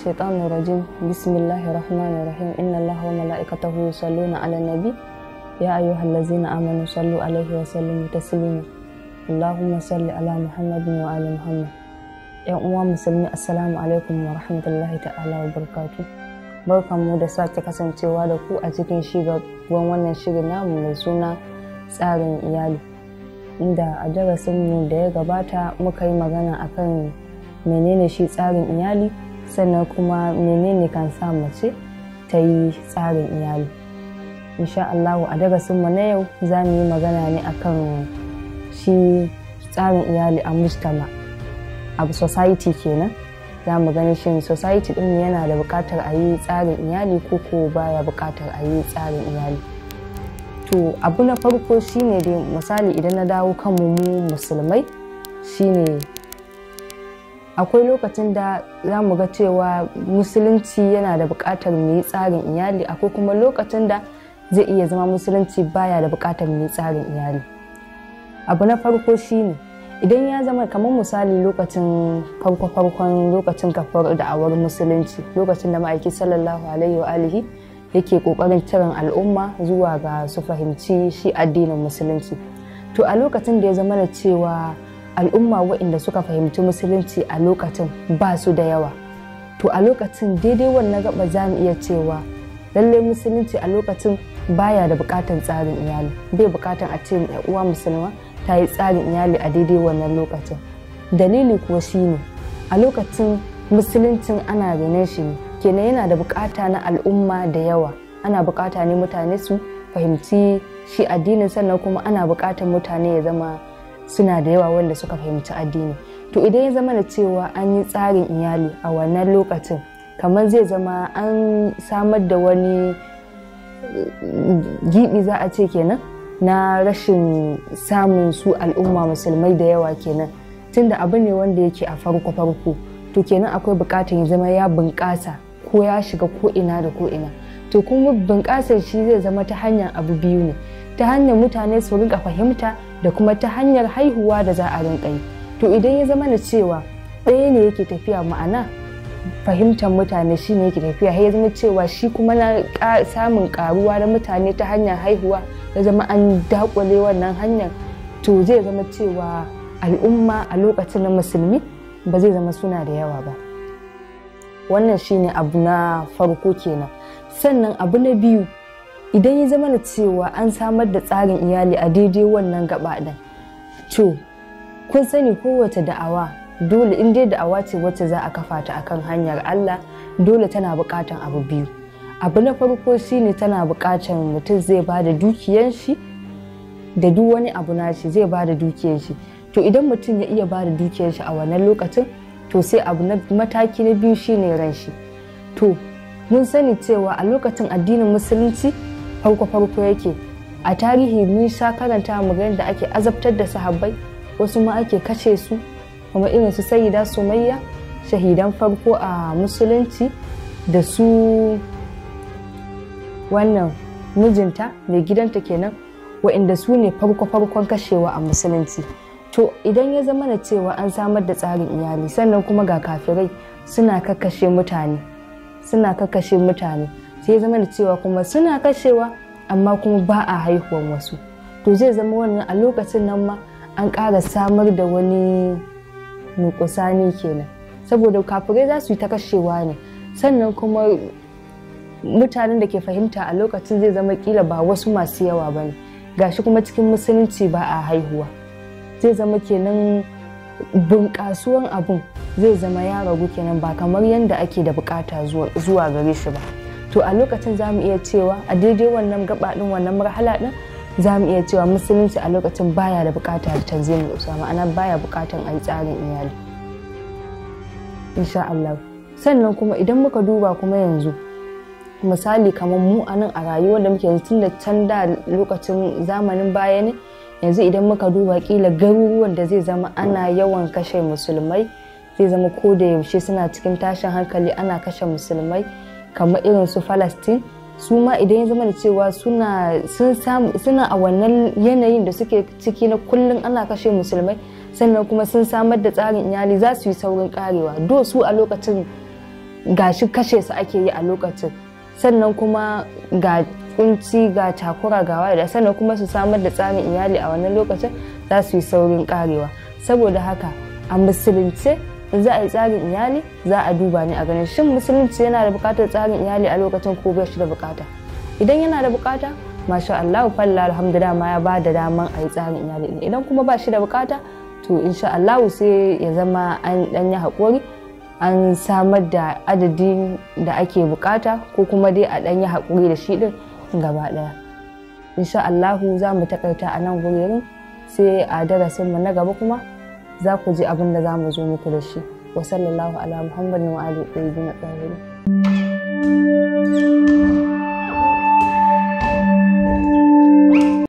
الشيطان الرجيم بسم الله الرحمن الرحيم إن الله وملائكته يصلون على النبي يا أيها الذين آمنوا صلوا عليه وسلموا تسليما اللهم صل على محمد وآل محمد ‘Yan uwan musulmi assalamu alaikum wa rahmatullahi ta'ala barkatu barkan mu da sake kasancewa da ku a cikin shigaban wannan shirin namu mai suna tsarin iyali inda a darasin mu da ya gabata muka yi magana akan menene shi tsarin iyali sannan kuma menene kan sa mace ta yi tsarin iyali insha Allahu a darasin mu na yau za mu yi magana ne akan shi tsarin iyali a mujtama a society kenan za mu gani shin society din yana da bukatar a yi tsarin iyali ko ko baya bukatar a yi tsarin iyali to abu na farko shine dai misali idan na dawo kan mu musulmai shine akwai lokacin da za mu ga cewa musulunci yana da buƙatar mu yi tsarin iyali akwai kuma lokacin da zai iya zama musulunci baya da buƙatar mu yi tsarin iyali abu na farko shi ne idan ya zama kamar misali lokacin farko-farkon lokacin kafar da'awar musulunci lokacin da ma'aiki sallallahu alaihi wa alihi yake kokarin kiran al'umma zuwa ga su fahimci shi addinin musulunci to a lokacin da ya zama da cewa al'umma waɗanda suka fahimci musulunci a lokacin ba su da yawa to a lokacin daidai wannan gaba za mu iya cewa lallai musulunci a lokacin baya da bukatan tsarin iyali bai bukatan a ce uwa musulma ta yi tsarin iyali a daidai wannan lokacin dalili kuwa shi ne a lokacin musuluncin ana rene shi ne kenan yana da bukata na al'umma da yawa ana bukata ne mutane su fahimci shi addinin sannan kuma ana bukatan mutane ya zama suna da yawa wanda suka fahimci addini to idan ya zama da cewa an yi tsarin iyali a wannan lokacin kamar zai zama an samar da wani eh, gibi za a ce kenan na rashin samun su al'umma musulmai da yawa kenan tunda abu ne wanda yake a farko farko to kenan akwai bukatar ya zama ya bunƙasa ko ya shiga ko ina da ko ina to kuma bunƙasar shi zai zama ta hanyar abu biyu ne ta hanyar mutane su rinka fahimta da kuma ta hanyar haihuwa da za a rinka yi to idan ya zama na cewa ɗaya ne yake tafiya ma'ana fahimtar mutane shi ne yake tafiya ya zama cewa shi kuma na samun karuwa na mutane ta hanyar haihuwa ya zama an dakule wannan hanyar to zai zama cewa al'umma a lokacin na musulmi ba zai zama suna da yawa ba wannan shi ne abu na farko kenan sannan abu na biyu idan ya zama na cewa an samar da tsarin iyali a daidai wannan gaba ɗin to kun sani kowace da'awa dole in dai da'awa ce wacce za a kafa ta akan hanyar Allah dole tana bukatan abu biyu abu na farko shine tana bukatan mutum zai ba da dukiyan da duk wani abu nashi zai ba da dukiyar shi to idan mutum ya iya ba da dukiyar shi a wannan lokacin to sai abu na mataki na biyu shine ran shi to mun sani cewa a lokacin addinin musulunci farko-farko yake a tarihi nisa karanta maganar da ake azabtar da sahabbai wasu ma ake kace su kuma irin su sayyida sumayya shahidan farko a musulunci da su wannan mijinta mai gidanta kenan wa'inda su ne farko-farkon kashewa a musulunci to idan ya zama na cewa an samar da tsarin iyali sannan kuma ga kafirai suna kakkashe mutane suna kakkashe mutane sai zama da cewa kuma suna kashewa amma kuma ba a haihuwan wasu to zai zama wannan a lokacin nan ma an ƙara samar da wani nukusani kenan saboda kafirai za su yi ta kashewa ne sannan kuma mutanen da ke fahimta a lokacin zai zama kila ba wasu masu yawa ba ne shi kuma cikin musulunci ba a haihuwa zai zama kenan bunƙasuwan abun zai zama ya ragu kenan ba kamar yadda ake da bukata zuwa gare shi ba. to a lokacin za mu iya cewa a daidai wannan gaba wannan marhala ɗin za mu iya cewa musulunci a lokacin baya da bukata da tanzimin usa ma'ana baya bukatan a yi tsarin iyali insha Allah sannan kuma idan muka duba kuma yanzu misali kamar mu a nan a rayuwar da muke yanzu tun da can da lokacin zamanin baya ne yanzu idan muka duba kila garuruwan da zai zama ana yawan kashe musulmai zai zama ko da yaushe suna cikin tashin hankali ana kashe musulmai kamar irin su falastin su ma idan ya zama da cewa suna a wannan yanayin da suke ciki na kullum ana kashe musulmai sannan kuma sun samar da tsarin iyali za su yi saurin karewa do su a lokacin gashi kashe su ake yi a lokacin sannan kuma ga kunci ga takura ga da sannan kuma su samar da tsarin iyali a wannan lokacin za su yi saurin karewa saboda haka a musulunce in za a yi tsarin iyali za a duba ne a ganin shin musulunci yana da bukatar tsarin iyali a lokacin ko bai shi da bukata idan yana da bukata masha Allah falla alhamdulillah ma ya ba da daman a yi tsarin iyali idan kuma ba shi da bukata to insha Allah sai ya zama an dan yi hakuri an samar da adadin da ake bukata ko kuma dai a dan yi hakuri da shi din gaba daya insha Allah za mu takaita a nan gurin sai a darasin mu na gaba kuma za ku ji abin da za mu zo muku da shi wa sallallahu ala muhammadin wa ali ɗaya na tsari